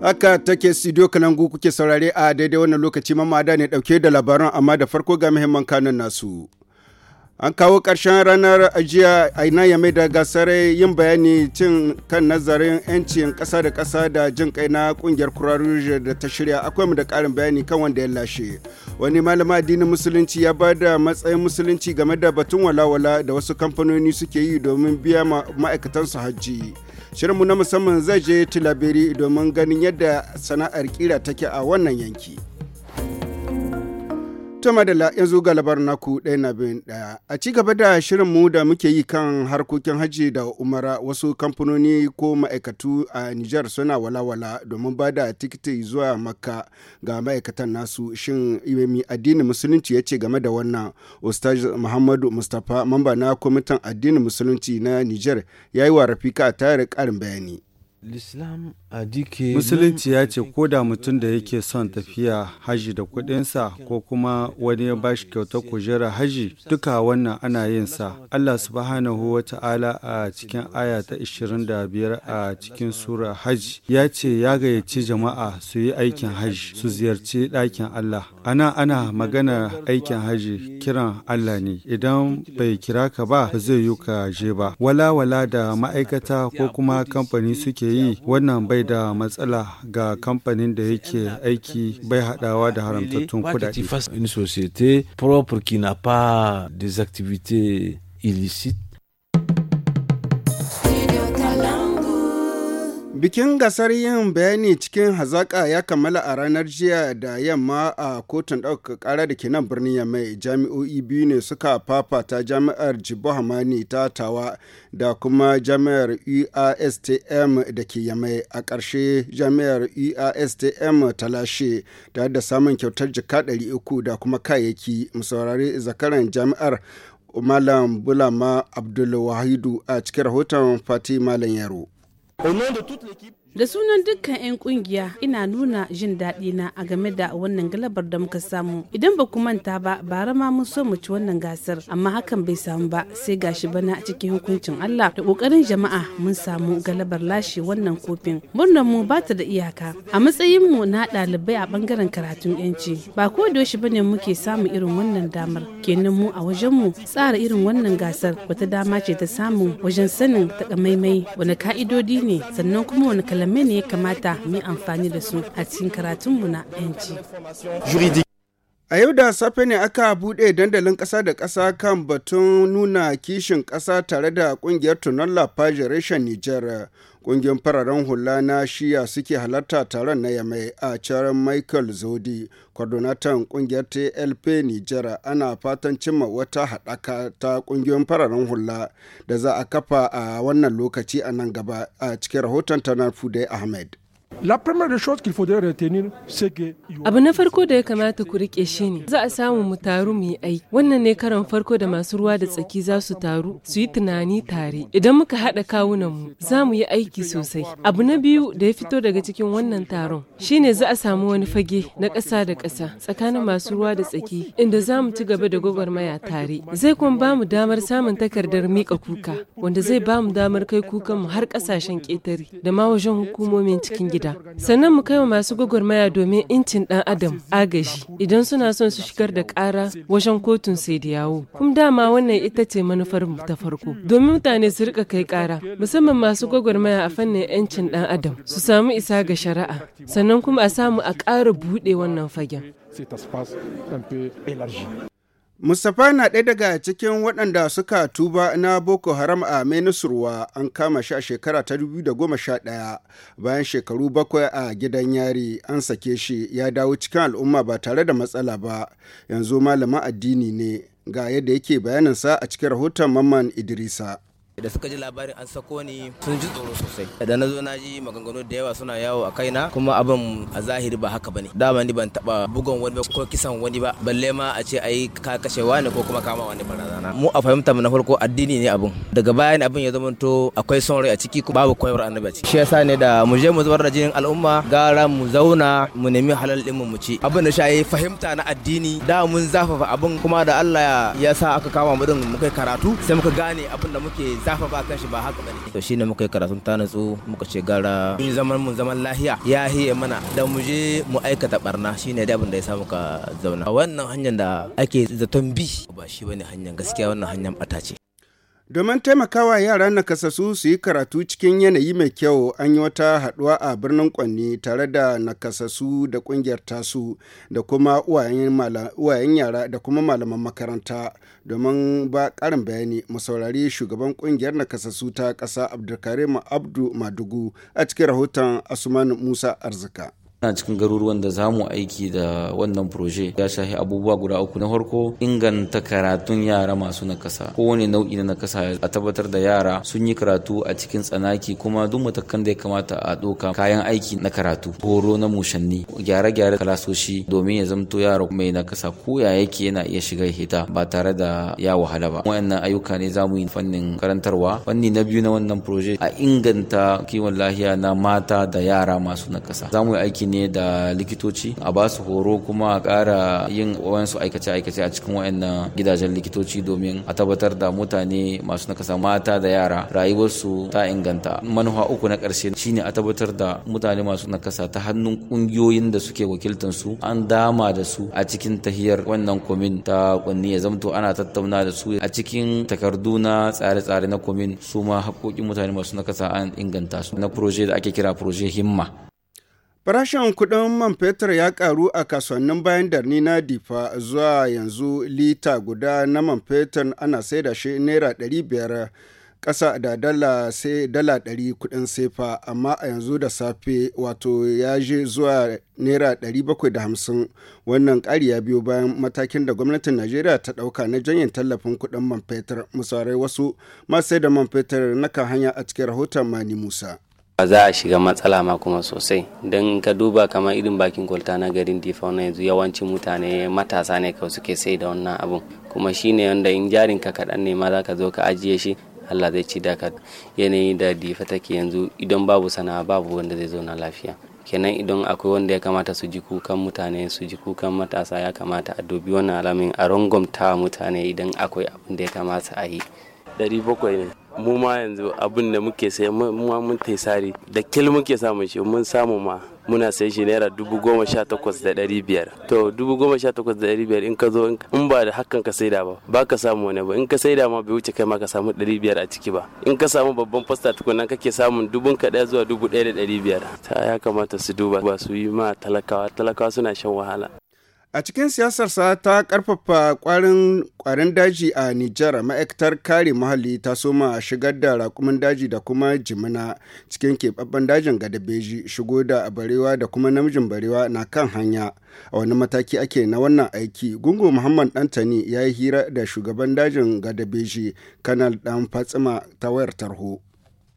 Haka take studio Kalangu kuke saurare a daidai wannan lokaci mamada ne dauke da labaran amma da farko ga muhimman kanan nasu. An kawo karshen ranar ajiya aina ya mai da gasar yin bayani cin kan nazarin 'yancin kasa da kasa da jin kai na ƙungiyar kuraruje da ta shirya akwai mu da ƙarin bayani kan wanda ya lashe. Wani malama addinin musulunci ya ba da matsayin musulunci game da batun walawala da wasu kamfanoni suke yi domin biya ma'aikatansu hajji. Shirinmu na musamman zai je Tilaberi domin ganin yadda sana'ar kira take a wannan yanki. To madala yanzu ga labar naku ɗaya na biyun ɗaya. A ci gaba da mu da muke yi kan harkokin hajji da umara wasu kamfanoni ko ma'aikatu a Nijar suna walawala domin ba da tikiti zuwa maka ga ma'aikatan nasu shin mai addinin musulunci ya ce game da wannan. Ustaz Muhammadu Mustapha mamba na kwamitin addinin musulunci na Nijar ya yi wa Rafika tare ƙarin bayani. Musulunci ya ce ko da mutum da yake son tafiya haji da kuɗinsa ko kuma wani ya bashi kyauta kujera haji duka wannan ana yin sa. Allah subhanahu wa ta'ala a cikin aya ta 25 a cikin sura haji ya ce ya gayyaci jama'a su yi aikin haji su ziyarci ɗakin Allah. Ana ana magana aikin haji kiran Allah ne idan bai kira ka ba ba zai yi ka je ba. Wala wala da ma'aikata ko kuma kamfani suke yi wannan bai da matsala ga kamfanin da yake aiki bai hadawa da haramtattun kudade. Une société propre qui n'a pas des activités illicites Bikin gasar yin bayani cikin hazaƙa ya kammala a ranar jiya da yamma a kotun ɗaukaka ƙara da ke nan birnin Yamai. Jami'o'i biyu ne suka fafata jami'ar Jibo ta Tawa da kuma jami'ar UASTM da ke Yamai. A ƙarshe jami'ar UASTM ta lashe da samun kyautar jika uku da kuma kayayyaki. Musaurari zakaran jami'ar Malam Bulama Abdul a cikin rahoton Fati Malam Yaro. Au nom de toute l'équipe. da sunan dukkan 'yan kungiya ina nuna jin daɗi na a game da wannan galabar da muka samu idan ba ku manta ba bara ma mun so mu ci wannan gasar amma hakan bai samu ba sai gashi bana cikin hukuncin Allah da kokarin jama'a mun samu galabar lashe wannan kofin murnar mu ba ta da iyaka a matsayin mu na ɗalibai a bangaren karatun yanci ba ko da yaushe bane muke samu irin wannan damar kenan mu a wajen mu tsara irin wannan gasar wata dama ce ta samu wajen sanin takamaimai wani ka'idodi ne sannan kuma wani malamai ne ya kamata mu amfani da su a cikin karatunmu na 'yanci. A yau da safe ne aka buɗe dandalin ƙasa da ƙasa kan batun nuna kishin ƙasa tare da ƙungiyar Tunan La nijar. Ƙungiyar fararen hula na shiya suke halarta taron na yamai a caren Michael Zodi, kwadonatan ƙungiyar TLP Nijar ana fatan cimma wata haɗaka ta ƙungiyar fararen hula da za a kafa a wannan lokaci a nan gaba a cikin rahoton Tanar Fude Ahmed. Abu na farko da ya kamata ku rike shi ne, za a samu mu taru mu yi aiki. Wannan ne karon farko da masu ruwa da tsaki za su taru su yi tunani tare. Idan muka haɗa kawunan mu, za mu yi aiki sosai. Abu na biyu da ya fito daga cikin wannan taron shine za a samu wani fage na ƙasa da ƙasa tsakanin masu ruwa da tsaki inda za mu ci gaba da gwagwarmaya tare. Zai kuma ba mu damar samun takardar miƙa kuka wanda zai ba mu damar kai kukanmu har ƙasashen ƙetare da ma wajen hukumomin cikin gida. sannan mu kaiwa masu gwagwarmaya domin incin ɗan adam agaji idan suna son su shigar da ƙara wajen kotun sai da yawo kuma dama wannan ita ce manufar mu ta farko domin mutane su rika kai ƙara musamman masu gwagwarmaya a fannin yancin ɗan adam su samu isa ga shari'a sannan kuma a samu a ƙara buɗe wannan fagen. Mustapha na ɗaya daga cikin waɗanda suka tuba na Boko Haram a Menusurwa an kama shi a shekara ta 2011 bayan shekaru bakwai a gidan yari an sake shi ya dawo cikin al'umma ba tare da matsala ba yanzu malamin addini ne ga yadda yake bayaninsa a cikin rahoton Mamman Idrisa. da suka ji labarin an sako ni sun ji tsoro sosai da na zo na ji maganganu da yawa suna yawo a kaina kuma abin a zahiri ba haka bane dama ni ban taba bugun wani ba ko kisan wani ba balle ma a ce ai ka kashe wani ko kuma kama wani barazana mu a fahimta mu na farko addini ne abin daga bayan abin ya zamanto akwai son rai a ciki ko babu koyar annabi a ciki shi yasa ne da mu je mu zubar da jinin al'umma gara mu zauna mu nemi halal din mu ci abin da shayi fahimta na addini da mun zafafa abin kuma da Allah ya sa aka kama mu din kai karatu sai muka gane abin da muke shafafa kan shi ba haka bane to shine muka yi karatun ta natsu muka ce gara mun zaman mun zaman lahiya ya hiye mana da mu je mu aikata barna shine da abin da ya samu ka zauna wannan hanyar da ake zaton bi ba shi bane hanyar gaskiya wannan hanyar bata ce Domin taimakawa yara nakasassu su yi karatu cikin yanayi mai kyau an yi wata haɗuwa a birnin Kwanni tare da nakasassu da ƙungiyar tasu da kuma uwayen yara da kuma malaman makaranta domin ba ƙarin bayani mu saurari shugaban ƙungiyar nakasassu ta ƙasa Abdulkarim Abdu Madugu a cikin rahoton Asuman Musa Arzika. na cikin garuruwan da za mu aiki da wannan proje ya shahi abubuwa guda uku na farko inganta karatun yara masu nakasa kowane nau'i na nakasa a tabbatar da yara sun yi karatu a cikin tsanaki kuma duk matakan da ya kamata a doka kayan aiki na karatu horo na mushanni gyare-gyare kalasoshi domin ya zamto yara mai nakasa ko ya yake yana iya shiga hita ba tare da ya wahala ba wayannan ayyuka ne za mu yi fannin karantarwa fanni na biyu na wannan proje a inganta kiwon lahiya na mata da yara masu nakasa za mu yi aiki ne da likitoci a ba su horo kuma a ƙara yin wayansu aikace-aikace a cikin wayannan gidajen likitoci domin a tabbatar da mutane masu nakasa mata da yara rayuwarsu ta inganta manufa uku na ƙarshe shine a tabbatar da mutane masu nakasa ta hannun ƙungiyoyin da suke wakiltar su an dama da su a cikin tahiyar wannan komin ta kunni ya zamto ana tattauna da su a cikin takardu na tsare-tsare na komin su ma haƙoƙin mutane masu nakasa an inganta su na proje da ake kira proje himma Farashin kuɗin man fetur ya ƙaru a kasuwannin bayan darni na Difa zuwa yanzu lita guda na man fetur ana saida shi naira dari biyar ƙasa da dala sai dala ɗari kuɗin sefa amma a yanzu da safe wato ya je zuwa naira ɗari bakwai da hamsin wannan ƙari ya biyo bayan matakin da gwamnatin najeriya ta ɗauka na janyen tallafin kuɗin man fetur musarai wasu masu sai da man fetur na kan hanya a cikin rahoton mani musa. ba za a shiga matsala ma kuma sosai don ka duba kamar irin bakin kwalta na garin difa na yanzu yawancin mutane matasa ne kawai suke sai da wannan abun kuma shine wanda in jarin ka kaɗan ne ma za ka zo ka ajiye shi Allah zai ci da ka yanayi da difa take yanzu idan babu sana'a babu wanda zai zauna lafiya kenan idan akwai wanda ya kamata su ji kukan mutane su ji kukan matasa ya kamata a dubi wannan alamin a rangwamta mutane idan akwai abin da ya kamata a yi 700 mu ma yanzu abin da muke sai mu mun taisari da kil muke samun shi mun samu ma muna sai shi naira dubu goma sha takwas da ɗari biyar to dubu goma sha takwas da ɗari biyar in ka zo in ba da hakan ka saida ba ba ka samu wani ba in ka saida ma bai wuce kai ma ka samu ɗari biyar a ciki ba in ka samu babban fasta tukunan kake samun dubun ka ɗaya zuwa dubu ɗaya da ɗari biyar ta ya kamata su duba ba su yi ma talakawa talakawa suna shan wahala A cikin siyasarsa ta karfafa kwarin daji a Nijar ma'aikatar kare muhalli ta soma shigar da rakumin daji da kuma jimina cikin keɓaɓɓen dajin gadabeji shigo da barewa da kuma namijin barewa na kan hanya. A wani mataki ake na wannan aiki gungu Muhammad Dantani ya yi hira da shugaban dajin gadabeji kanal ɗan Fatsima ta wayar tarho.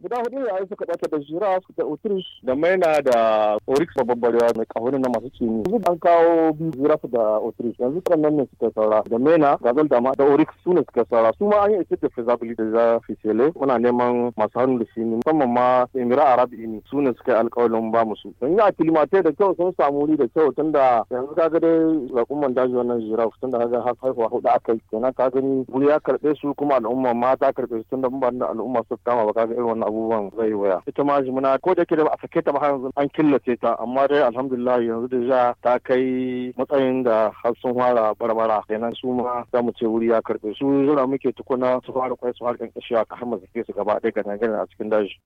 guda hudu ne a suka bata da jira su da otrish da maina da orix babban barewa mai kahunin na masu cini yanzu an kawo biyu jira da otrish yanzu kan nan ne suka saura da maina da zaldama da orix su ne suka saura su ma an yi ita da feasibility da fisele muna neman masu hannu da shi ne musamman ma emira arab ini su ne suka yi alkawalin ba musu don yi a kilimatai da kyau sun samu wuri da kyau tunda yanzu ka ga dai al'umman daji wannan jira tunda ka ga haihuwa hudu aka yi kenan ka gani wuri ya karɓe su kuma al'umma ma ta karɓe su tunda mun ba da al'umma su kama ba ka ga irin wannan abubuwan zai waya ita ma jimina ko da da ba a sake ta ba har yanzu an killace ta amma dai alhamdulillah yanzu da ta kai matsayin da har sun fara barbara kenan su ma za mu ce wuri ya karbe su zura muke tukuna su fara kwai su har kan a har mu su gaba ɗaya ga a cikin daji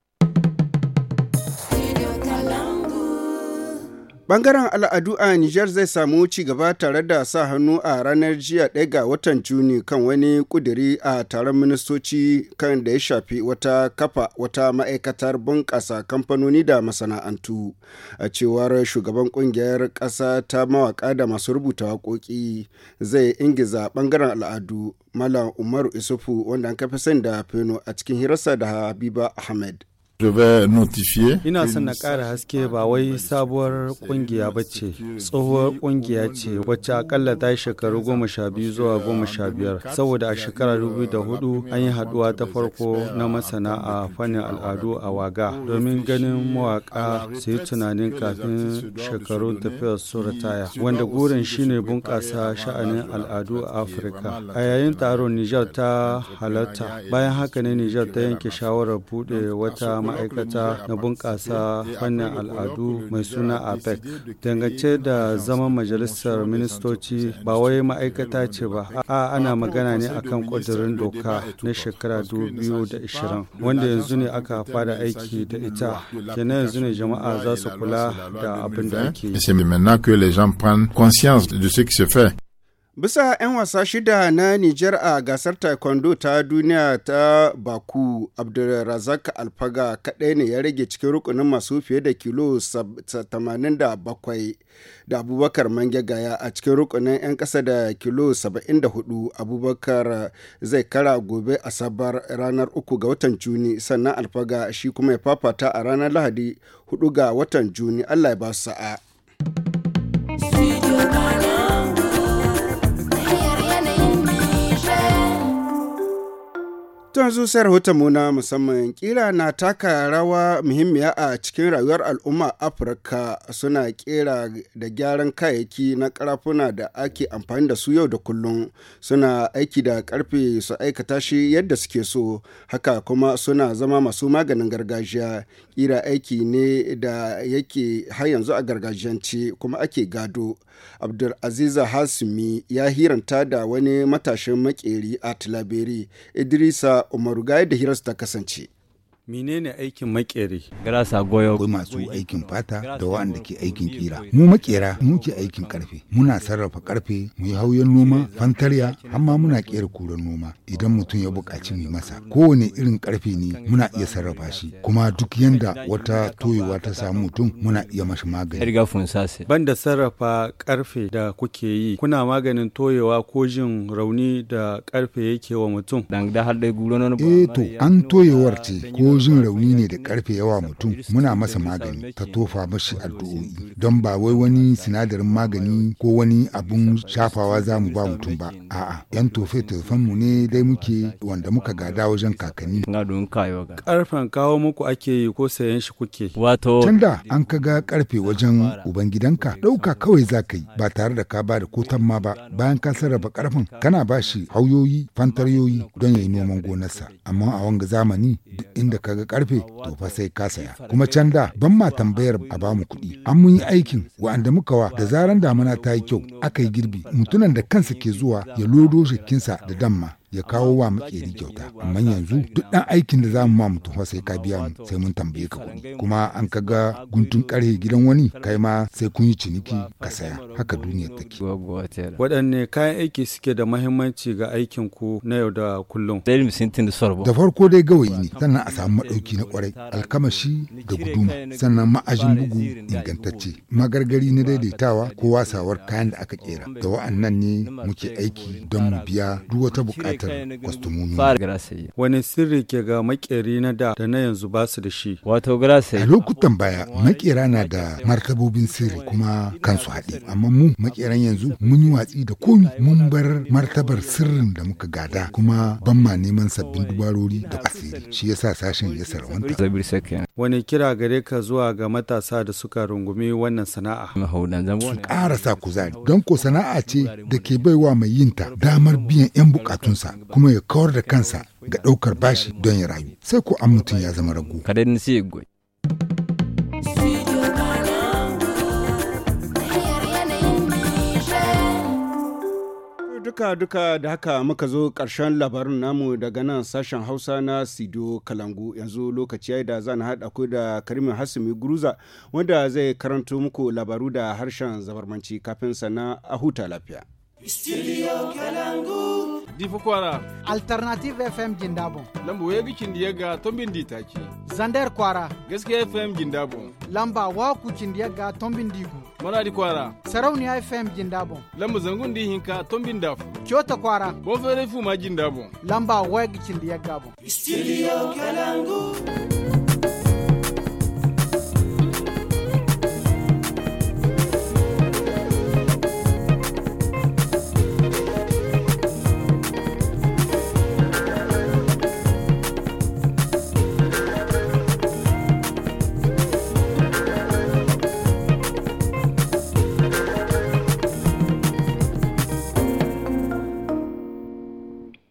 Bangaren al'adu a Nijar zai samu ci gaba tare da sa hannu a ranar jiya ɗaya ga watan Juni kan wani ƙudiri a taron ministoci kan da ya shafi wata kafa wata ma'aikatar bunƙasa kamfanoni da masana'antu. A cewar shugaban ƙungiyar ƙasa ta mawaƙa da masu rubuta waƙoƙi zai ingiza bangaren al'adu Malam Umaru Isufu wanda an kafa sani da Feno a cikin hirarsa da Habiba Ahmed. Ina son na ƙara haske ba wai sabuwar ƙungiya ba ce, tsohuwar ƙungiya ce wacce akalla ta yi shekaru goma sha biyu zuwa goma sha biyar, saboda a shekara dubu da hudu an yi haɗuwa ta farko na masana a fannin al'adu a waga domin ganin mawaƙa su yi tunanin kafin shekarun tafiyar su ritaya, wanda gurin shine bunƙasa sha'anin al'adu a Afirka. A yayin taron Nijar ta halatta, bayan haka ne Nijar ta yanke shawarar buɗe wata ma'aikata na bunƙasa fannin al'adu mai suna apec dangance da zaman majalisar ministoci ba wai ma'aikata ce ba a ana magana ne akan kudurin doka na shekara 2020 wanda yanzu ne aka fara aiki da ita kenan yanzu ne jama'a za su kula da abin da ake yi Bisa 'yan wasa shida na Nijar a gasar taekwondo ta duniya ta Baku, Abdulrazak Alfaga kaɗai ne ya rage cikin rukunin masu fiye da kilo 87 da Abubakar Mangegaya a cikin rukunin 'yan ƙasa da kilo 74 Abubakar zai kara gobe Asabar ranar 3 ga watan Juni sannan Alfaga shi kuma ya fafata a ranar Lahadi 4 ga watan Juni Allah ya ba su sa'a. Tun zusar mu na musamman kira na taka rawa muhimmiya a cikin rayuwar al'umma Afirka suna kera da gyaran kayayyaki na karafuna da ake amfani da su yau da kullum suna aiki da karfe su aikata shi yadda suke so haka kuma suna zama masu maganin gargajiya kira aiki ne da yake har yanzu a gargajiyance kuma ake gado Abdulaziza Hasimi ya hiranta da wani matashin makeri a Tilaberi Idrisa Umaru ga yadda hirarsu ta kasance. Menene aikin makere? Grasa goyo. ko masu aikin fata da wanda ke aikin kira. Mu makera mu ke aikin karfe. Muna sarrafa karfe, mu yi hauyen noma, fantarya, amma muna kera kuran noma. Idan mutum ya bukaci mu masa, kowane irin karfe ne muna iya sarrafa shi. Kuma duk yanda wata toyewa ta samu mutum muna iya mashi magani. Banda sarrafa karfe da kuke yi, kuna maganin toyewa ko jin rauni da karfe yake wa mutum. Eh to an toyewar ce ko jin rauni ne da karfe yawa mutum muna masa magani ta tofa mashi addu'o'i don ba wai wani sinadarin magani ko wani abun shafawa za mu ba mutum ba a'a yan tofe tofen mu ne dai muke wanda muka gada wajen kakanni karfen kawo muku ake yi ko sayan shi kuke wato can an ka ga karfe wajen ubangidanka ɗauka kawai za ka yi ba tare da ka ba da kotan ma ba bayan ka sarrafa karfin kana ba shi hauyoyi fantaryoyi don ya yi noman gonarsa amma a wanga zamani duk inda Ka ga karfe to fa sai ka saya kuma can da ban ma tambayar a bamu kuɗi an mun yi aikin wa'anda muka wa da zaran damuna ta yi kyau aka yi girbi mutunan da kansa ke zuwa ya lodo jikinsa da damma ya kawo wa makeri kyauta amma yanzu duk dan aikin da zamu ma mutum sai ka biya mu sai mun tambaye ka kuɗi kuma an ka ga guntun karhe gidan wani kai ma sai kun yi ciniki ka saya haka duniya take waɗanne kayan aiki suke da mahimmanci ga aikin ku na yau da kullum da farko dai gawayi ne sannan a samu madauki na kwarai alkamashi da guduma sannan ma'ajin bugu ingantacce magargari na daidaitawa ko wasawar kayan da aka kera da wa'annan ne muke aiki don mu biya duk wata bukata wasu munu Wani sirri ke ga makeri na da da na yanzu ba su da shi. Wato A lokutan baya makera na da martabobin sirri kuma kansu haɗe amma mu makeran yanzu mun yi watsi da komi mun bar martabar sirrin da muka gada kuma ban ma neman sabbin dubarori da asiri shi yasa sashen ya sarwanta. Wani kira gare ka zuwa ga matasa da suka rungumi wannan sana'a. Su ƙara sa kuzari don ko sana'a ce da ke baiwa mai yinta damar biyan 'yan bukatunsa kuma ya kawar da kansa ga ɗaukar bashi don ya rayu sai ko an mutum ya zama ragu duka-duka da haka muka zo ƙarshen labarin namu daga nan sashen hausa na sido kalangu yanzu lokaci ya da zan haɗa ku da karimin hasumi guruza wanda zai karanto muku labaru da harshen zabarmanci kafin sana a huta lafiya. Studio Kalangu. di kwara alternative fm gindabon lamba wegi kindiyega tombin di taki zander kwara gaskiya fm gindabon lamba waku kindiyega tombin digu manadi kwara sarauniya fm gindabon lamba zangun di hinka tombin dafu kyota kwara bon fere fu ma gindabon lamba wegi kindiyega bon studio kalangu